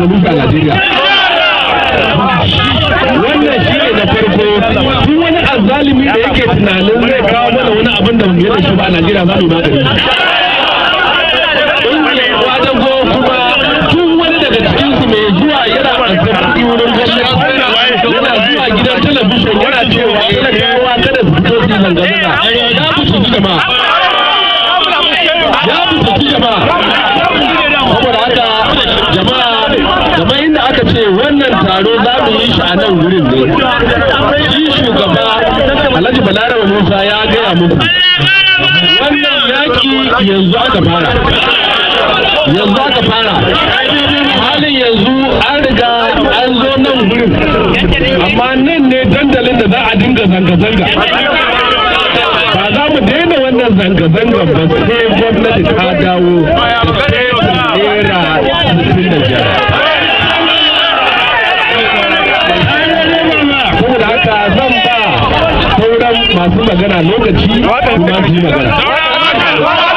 mulki Najeriya wannan shi ne na farko duk wani azalimi da yake tunanin zai kawo mana wani abin da mu da shi ba a Najeriya za mu ba da gidan talabijin yana cewa yana kawo kada su fito su zanga-zanga ya eh, kusa jama'a suka ce wannan taro za mu yi shi a nan wurin ne shi shugaba alhaji balarabe musa ya gaya muku wannan yaki yanzu aka fara yanzu aka fara halin yanzu an riga an zo nan wurin amma nan ne dandalin da za a dinga zanga-zanga ba za mu daina wannan zanga zanga ba sai masu magana lokaci kuma su yi magana